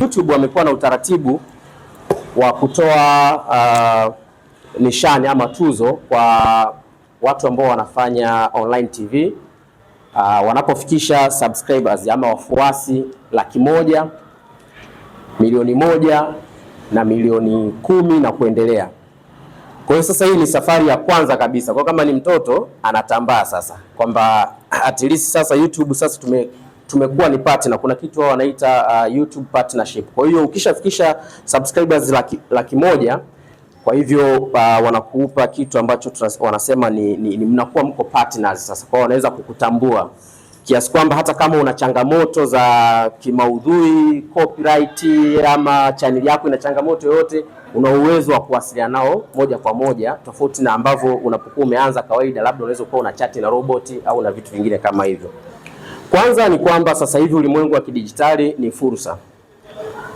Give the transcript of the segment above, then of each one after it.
YouTube wamekuwa na utaratibu wa kutoa uh, nishani ama tuzo kwa watu ambao wanafanya online TV uh, wanapofikisha subscribers ama wafuasi laki moja, milioni moja na milioni kumi na kuendelea. Kwa hiyo sasa hii ni safari ya kwanza kabisa. Kwa kama ni mtoto anatambaa sasa kwamba at least sasa YouTube sasa tume tumekuwa ni partner. Kuna kitu wao wanaita uh, YouTube partnership. Kwa hiyo ukishafikisha subscribers laki, laki moja kwa hivyo uh, wanakuupa kitu ambacho wanasema ni, ni, ni mnakuwa mko partners sasa, kwa wanaweza kukutambua kiasi kwamba hata kama una changamoto za kimaudhui copyright, ama channel yako ina changamoto yoyote, una uwezo wa kuwasiliana nao moja kwa moja, tofauti na ambavyo unapokuwa umeanza kawaida, labda unaweza ukawa una chati na roboti au na vitu vingine kama hivyo. Kwanza ni kwamba sasa hivi ulimwengu wa kidijitali ni fursa.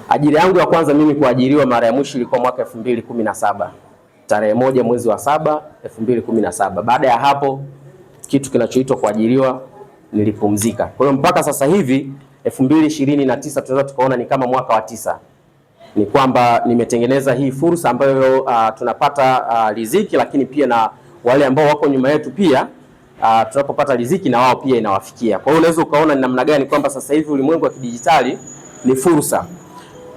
Ajira yangu ya kwanza mimi kuajiriwa mara ya mwisho ilikuwa mwaka 2017 tarehe moja mwezi wa saba 2017. Baada ya hapo kitu kinachoitwa kuajiriwa nilipumzika. Kwa hiyo mpaka sasa hivi 2029 tunaweza tukaona ni kama mwaka wa tisa, ni kwamba nimetengeneza hii fursa ambayo uh, tunapata uh, riziki, lakini pia na wale ambao wako nyuma yetu pia uh, tunapopata riziki na wao pia inawafikia. Kwa hiyo unaweza ukaona ni namna gani kwamba sasa hivi ulimwengu wa kidijitali ni fursa.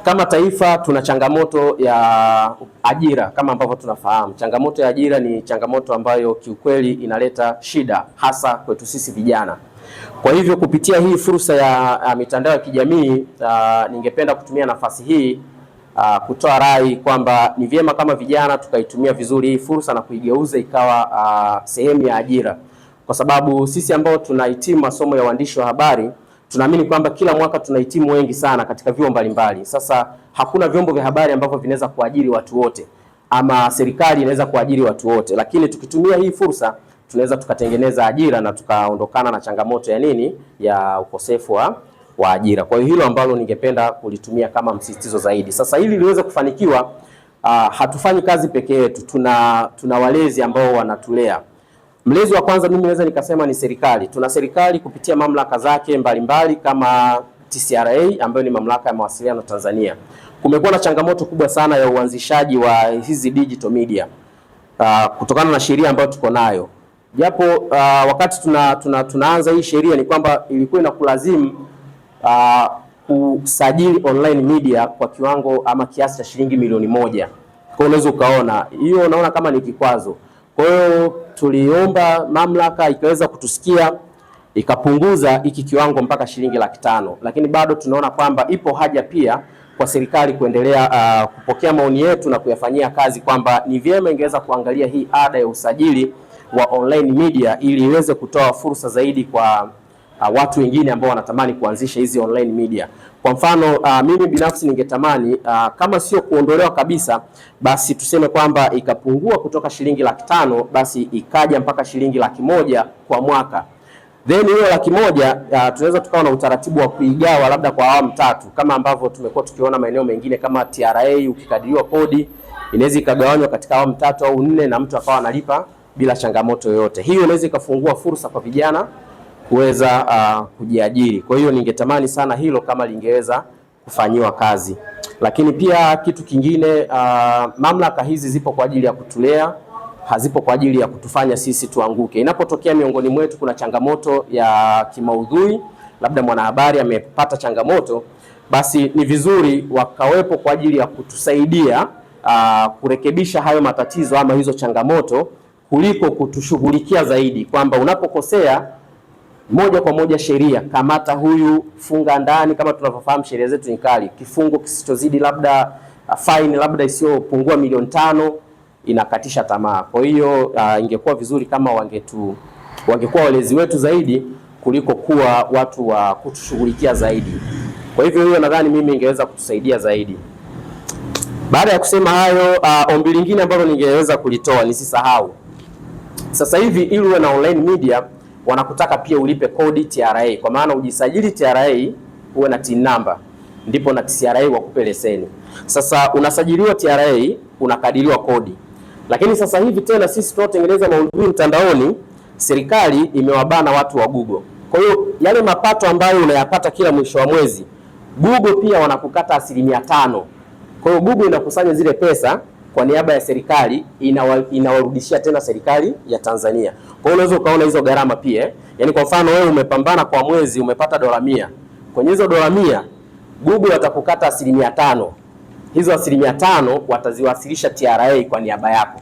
Kama taifa tuna changamoto ya ajira kama ambavyo tunafahamu. Changamoto ya ajira ni changamoto ambayo kiukweli inaleta shida hasa kwetu sisi vijana. Kwa hivyo kupitia hii fursa ya uh, mitandao ya kijamii uh, ningependa kutumia nafasi hii uh, kutoa rai kwamba ni vyema kama vijana tukaitumia vizuri hii fursa na kuigeuza ikawa uh, sehemu ya ajira kwa sababu sisi ambao tunahitimu masomo ya uandishi wa habari tunaamini kwamba kila mwaka tunahitimu wengi sana katika vyuo mbalimbali. Sasa hakuna vyombo vya habari ambavyo vinaweza kuajiri watu wote ama serikali inaweza kuajiri watu wote, lakini tukitumia hii fursa tunaweza tukatengeneza ajira na tukaondokana na changamoto ya nini, ya ukosefu wa wa ajira. Kwa hiyo hilo ambalo ningependa kulitumia kama msisitizo zaidi. Sasa hili liweze kufanikiwa, uh, hatufanyi kazi peke yetu, tuna tuna walezi ambao wanatulea Mlezi wa kwanza mimi naweza nikasema ni serikali. Tuna serikali kupitia mamlaka zake mbalimbali kama TCRA ambayo ni mamlaka ya mawasiliano Tanzania. Kumekuwa na changamoto kubwa sana ya uanzishaji wa hizi digital media uh, kutokana na sheria ambayo tuko nayo japo uh, wakati tuna, tuna, tunaanza hii sheria ni kwamba ilikuwa inakulazimu uh, kusajili online media kwa kiwango ama kiasi cha shilingi milioni moja. Kwa hiyo unaweza ukaona hiyo, unaona kama ni kikwazo. Kwa hiyo tuliomba mamlaka ikaweza kutusikia ikapunguza hiki kiwango mpaka shilingi laki tano, lakini bado tunaona kwamba ipo haja pia kwa serikali kuendelea uh, kupokea maoni yetu na kuyafanyia kazi kwamba ni vyema ingeweza kuangalia hii ada ya usajili wa online media ili iweze kutoa fursa zaidi kwa uh, watu wengine ambao wanatamani kuanzisha hizi online media. Kwa mfano uh, mimi binafsi ningetamani uh, kama sio kuondolewa kabisa, basi tuseme kwamba ikapungua kutoka shilingi laki tano basi ikaja mpaka shilingi laki moja kwa mwaka then hiyo laki moja uh, tunaweza tukawa na utaratibu wa kuigawa labda kwa awamu tatu, kama ambavyo tumekuwa tukiona maeneo mengine kama TRA, ukikadiriwa kodi inaweza ikagawanywa katika awamu tatu au nne, na mtu akawa analipa bila changamoto yoyote. Hiyo inaweza ikafungua fursa kwa vijana kuweza uh, kujiajiri. Kwa hiyo ningetamani sana hilo kama lingeweza kufanyiwa kazi, lakini pia kitu kingine uh, mamlaka hizi zipo kwa ajili ya kutulea, hazipo kwa ajili ya kutufanya sisi tuanguke. Inapotokea miongoni mwetu kuna changamoto ya kimaudhui, labda mwanahabari amepata changamoto, basi ni vizuri wakawepo kwa ajili ya kutusaidia uh, kurekebisha hayo matatizo ama hizo changamoto kuliko kutushughulikia zaidi, kwamba unapokosea moja kwa moja sheria, kamata huyu, funga ndani. Kama tunavyofahamu sheria zetu ni kali, kifungo kisichozidi labda uh, fine labda isiyopungua milioni tano inakatisha tamaa. Kwa hiyo uh, ingekuwa vizuri kama wangetu wangekuwa walezi wetu zaidi kuliko kuwa watu wa kutushughulikia zaidi. Kwa hivyo hiyo nadhani mimi ingeweza kutusaidia zaidi. Baada ya kusema hayo, uh, ombi lingine ambalo ningeweza kulitoa nisisahau, sasa hivi ili uwe na online media wanakutaka pia ulipe kodi TRA, kwa maana ujisajili TRA uwe na TIN number, ndipo na TRA wakupe leseni. Sasa unasajiliwa TRA, unakadiriwa kodi. Lakini sasa hivi tena sisi tunaotengeneza maudhui mtandaoni, serikali imewabana watu wa Google. Kwa hiyo yale mapato ambayo unayapata kila mwisho wa mwezi Google pia wanakukata asilimia tano. Kwa hiyo Google inakusanya zile pesa kwa niaba ya serikali inawarudishia tena serikali ya Tanzania. Kwa hiyo unaweza ukaona hizo gharama pia, yaani kwa mfano wewe umepambana kwa mwezi umepata dola mia, kwenye hizo dola mia Google watakukata asilimia tano. Hizo asilimia tano wataziwasilisha TRA kwa niaba yako,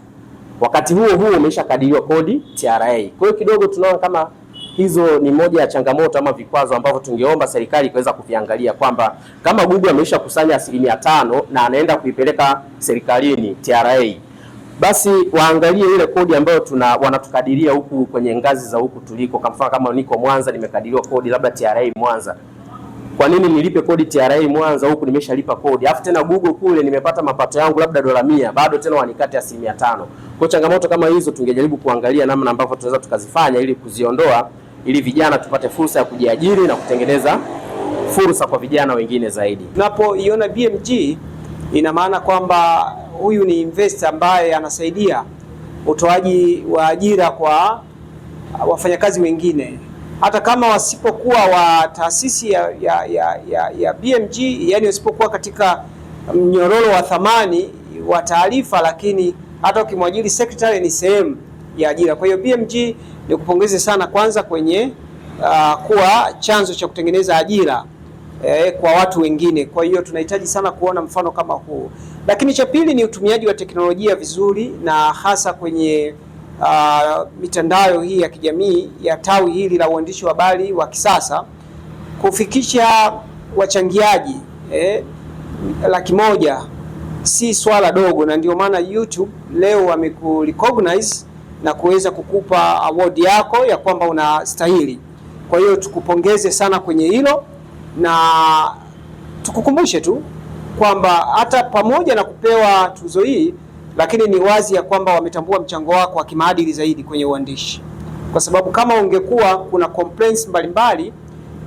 wakati huo huo umeshakadiriwa kodi TRA. Kwa hiyo kidogo tunaona kama hizo ni moja ya changamoto ama vikwazo ambavyo tungeomba serikali ikaweza kuviangalia kwamba kama Google ameisha kusanya asilimia tano na anaenda kuipeleka serikalini TRA, basi waangalie ile kodi ambayo tuna wanatukadiria huku kwenye ngazi za huku tuliko. Kwa mfano kama niko Mwanza nimekadiriwa kodi labda TRA Mwanza, kwa nini nilipe kodi TRA Mwanza huku nimeshalipa kodi, afu tena Google kule nimepata mapato yangu labda dola mia, bado tena wanikate asilimia tano. Kwa changamoto kama hizo tungejaribu kuangalia namna ambavyo tunaweza tukazifanya ili kuziondoa ili vijana tupate fursa ya kujiajiri na kutengeneza fursa kwa vijana wengine zaidi. Tunapoiona BMG ina maana kwamba huyu ni investor ambaye anasaidia utoaji wa ajira kwa wafanyakazi wengine hata kama wasipokuwa wa taasisi ya, ya, ya, ya, ya BMG, yani wasipokuwa katika mnyororo wa thamani wa taarifa, lakini hata ukimwajiri secretary ni sehemu ya ajira. Kwa hiyo BMG nikupongeze sana kwanza kwenye uh, kuwa chanzo cha kutengeneza ajira eh, kwa watu wengine. Kwa hiyo tunahitaji sana kuona mfano kama huu, lakini cha pili ni utumiaji wa teknolojia vizuri na hasa kwenye uh, mitandao hii ya kijamii ya tawi hili la uandishi wa habari wa kisasa kufikisha wachangiaji eh, laki moja si swala dogo, na ndio maana YouTube leo wameku na kuweza kukupa award yako ya kwamba unastahili. Kwa hiyo tukupongeze sana kwenye hilo na tukukumbushe tu kwamba hata pamoja na kupewa tuzo hii, lakini ni wazi ya kwamba wametambua mchango wako wa kimaadili zaidi kwenye uandishi, kwa sababu kama ungekuwa kuna complaints mbalimbali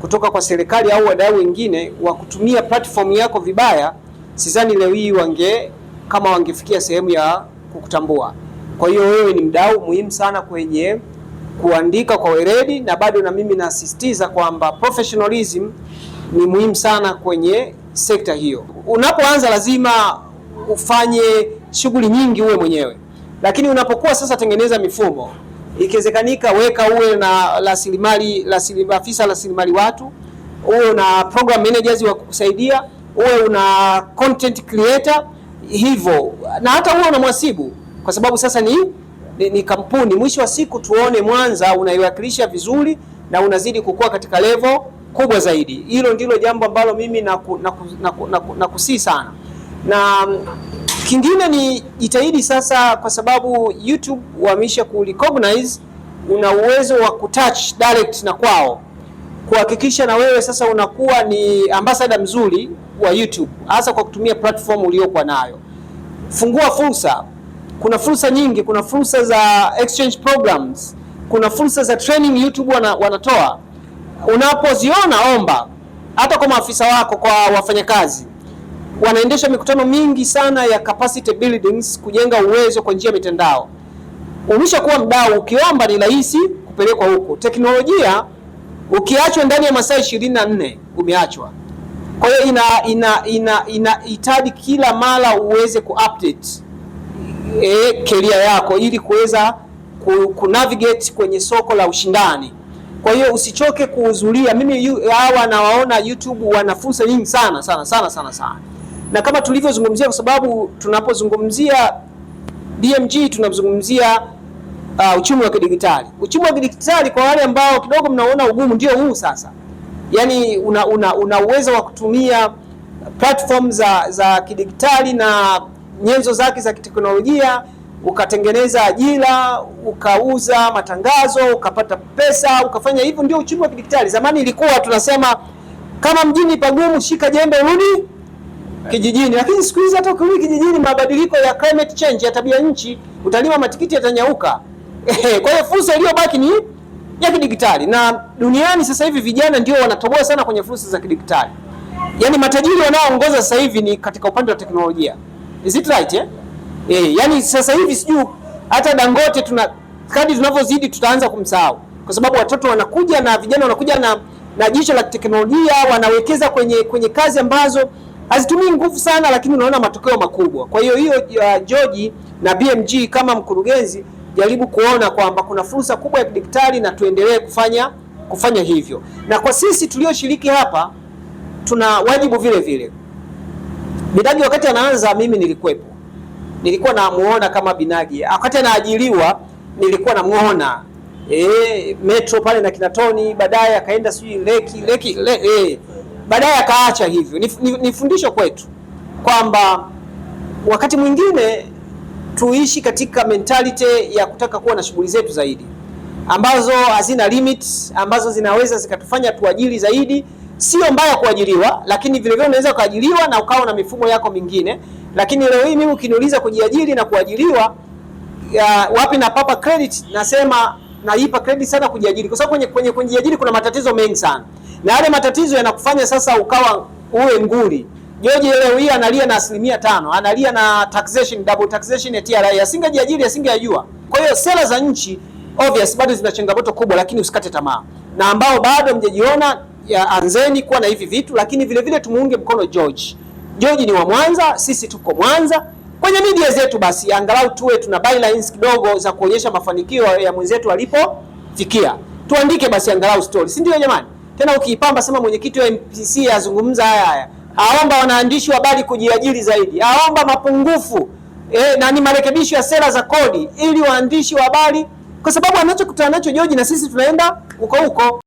kutoka kwa serikali au wadau wengine wa kutumia platform yako vibaya, sidhani leo hii wange kama wangefikia sehemu ya kukutambua. Kwa hiyo wewe ni mdau muhimu sana kwenye kuandika kwa weledi, na bado na mimi nasisitiza kwamba professionalism ni muhimu sana kwenye sekta hiyo. Unapoanza lazima ufanye shughuli nyingi uwe mwenyewe, lakini unapokuwa sasa, tengeneza mifumo, ikiwezekanika weka uwe na rasilimali afisa rasilimali watu, uwe na program managers wa kukusaidia, uwe una content creator hivyo, na hata uwe una mwasibu kwa sababu sasa ni, ni, ni kampuni. Mwisho wa siku tuone Mwanza unaiwakilisha vizuri na unazidi kukua katika level kubwa zaidi. Hilo ndilo jambo ambalo mimi nakusii na, na, na, na, na sana na mm, kingine ni jitahidi sasa, kwa sababu YouTube wameisha ku recognize una uwezo wa kutouch direct na kwao, kuhakikisha na wewe sasa unakuwa ni ambasada mzuri wa YouTube, hasa kwa kutumia platform uliokuwa nayo. Fungua fursa. Kuna fursa nyingi, kuna fursa za exchange programs, kuna fursa za training YouTube wana, wanatoa. Unapoziona omba, hata kwa maafisa wako, kwa wafanyakazi wanaendesha mikutano mingi sana ya capacity buildings, kujenga uwezo kwa njia ya mitandao. Umeshakuwa mdau, ukiomba ni rahisi kupelekwa huko. Teknolojia ukiachwa ndani ya masaa ishirini na nne umeachwa. Kwa hiyo ina inahitaji ina, ina, kila mara uweze kuupdate e, career yako ili kuweza ku, ku navigate kwenye soko la ushindani. Kwa hiyo usichoke kuhudhuria. Mimi hawa nawaona YouTube wana fursa nyingi sana sana sana sana sana, na kama tulivyozungumzia, kwa sababu tunapozungumzia DMG tunazungumzia uh, uchumi wa kidigitali. Uchumi wa kidigitali kwa wale ambao kidogo mnaona ugumu, ndio huu sasa, yaani una, una, una uwezo wa kutumia platform za, za kidigitali na nyenzo zake za kiteknolojia, ukatengeneza ajira, ukauza matangazo, ukapata pesa, ukafanya hivyo. Ndio uchumi wa kidigitali. Zamani ilikuwa tunasema kama mjini pagumu, shika jembe rudi kijijini, lakini siku hizi hata ukirudi kijijini, mabadiliko ya climate change ya tabia nchi, utalima matikiti yatanyauka. Kwa hiyo fursa iliyobaki ni ya kidigitali, na duniani sasa hivi vijana ndio wanatoboa sana kwenye fursa za kidigitali. Yaani matajiri wanaoongoza sasa hivi ni katika upande wa teknolojia. Is it right eh? Eh, yani sasa hivi sijui hata Dangote tuna kadi tunavyozidi tutaanza kumsahau kwa sababu watoto wanakuja na vijana wanakuja na na jicho la teknolojia, wanawekeza kwenye kwenye kazi ambazo hazitumii nguvu sana, lakini unaona matokeo makubwa. Kwa hiyo hiyo, uh, George na BMG kama mkurugenzi, jaribu kuona kwamba kuna fursa kubwa ya kidigitali na tuendelee kufanya kufanya hivyo, na kwa sisi tulioshiriki hapa tuna wajibu vile vile. Binagi wakati anaanza mimi nilikuwepo, nilikuwa namuona kama Binagi. Wakati anaajiliwa nilikuwa namuona e, metro pale na Kinatoni, baadaye akaenda sijui leki leki le, e, baadaye akaacha hivyo. Ni, fundisho kwetu kwamba wakati mwingine tuishi katika mentality ya kutaka kuwa na shughuli zetu zaidi ambazo hazina limit, ambazo zinaweza zikatufanya tuajili zaidi sio mbaya kuajiriwa, lakini vile vile unaweza kuajiriwa na ukawa na mifumo yako mingine. Lakini leo hii mimi ukiniuliza kujiajiri na kuajiriwa ya, wapi na papa credit, nasema naipa credit sana kujiajiri, kwa sababu kwenye, kwenye kujiajiri kuna matatizo mengi sana, na yale matatizo yanakufanya sasa ukawa uwe nguli. George leo hii analia na asilimia tano, analia na taxation, double taxation ya TRA. Asingejiajiri asingejua. Kwa hiyo sera za nchi obvious bado zina changamoto kubwa, lakini usikate tamaa na ambao bado mjajiona ya anzeni kuwa na hivi vitu, lakini vile vile tumuunge mkono George. George ni wa Mwanza, sisi tuko Mwanza. Kwenye media zetu basi angalau tuwe tuna bylines kidogo za kuonyesha mafanikio ya mwenzetu alipofikia. Tuandike basi angalau story, si ndio jamani? Tena ukiipamba sema mwenyekiti wa MPC azungumza haya haya, aomba wanaandishi wa habari kujiajiri zaidi, aomba mapungufu e, na ni marekebisho ya sera za kodi ili waandishi wa habari, kwa sababu anachokutana nacho George na sisi tunaenda huko huko.